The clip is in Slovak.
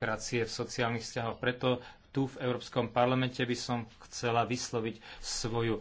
demokracie v sociálnych vzťahoch. Preto tu v Európskom parlamente by som chcela vysloviť svoju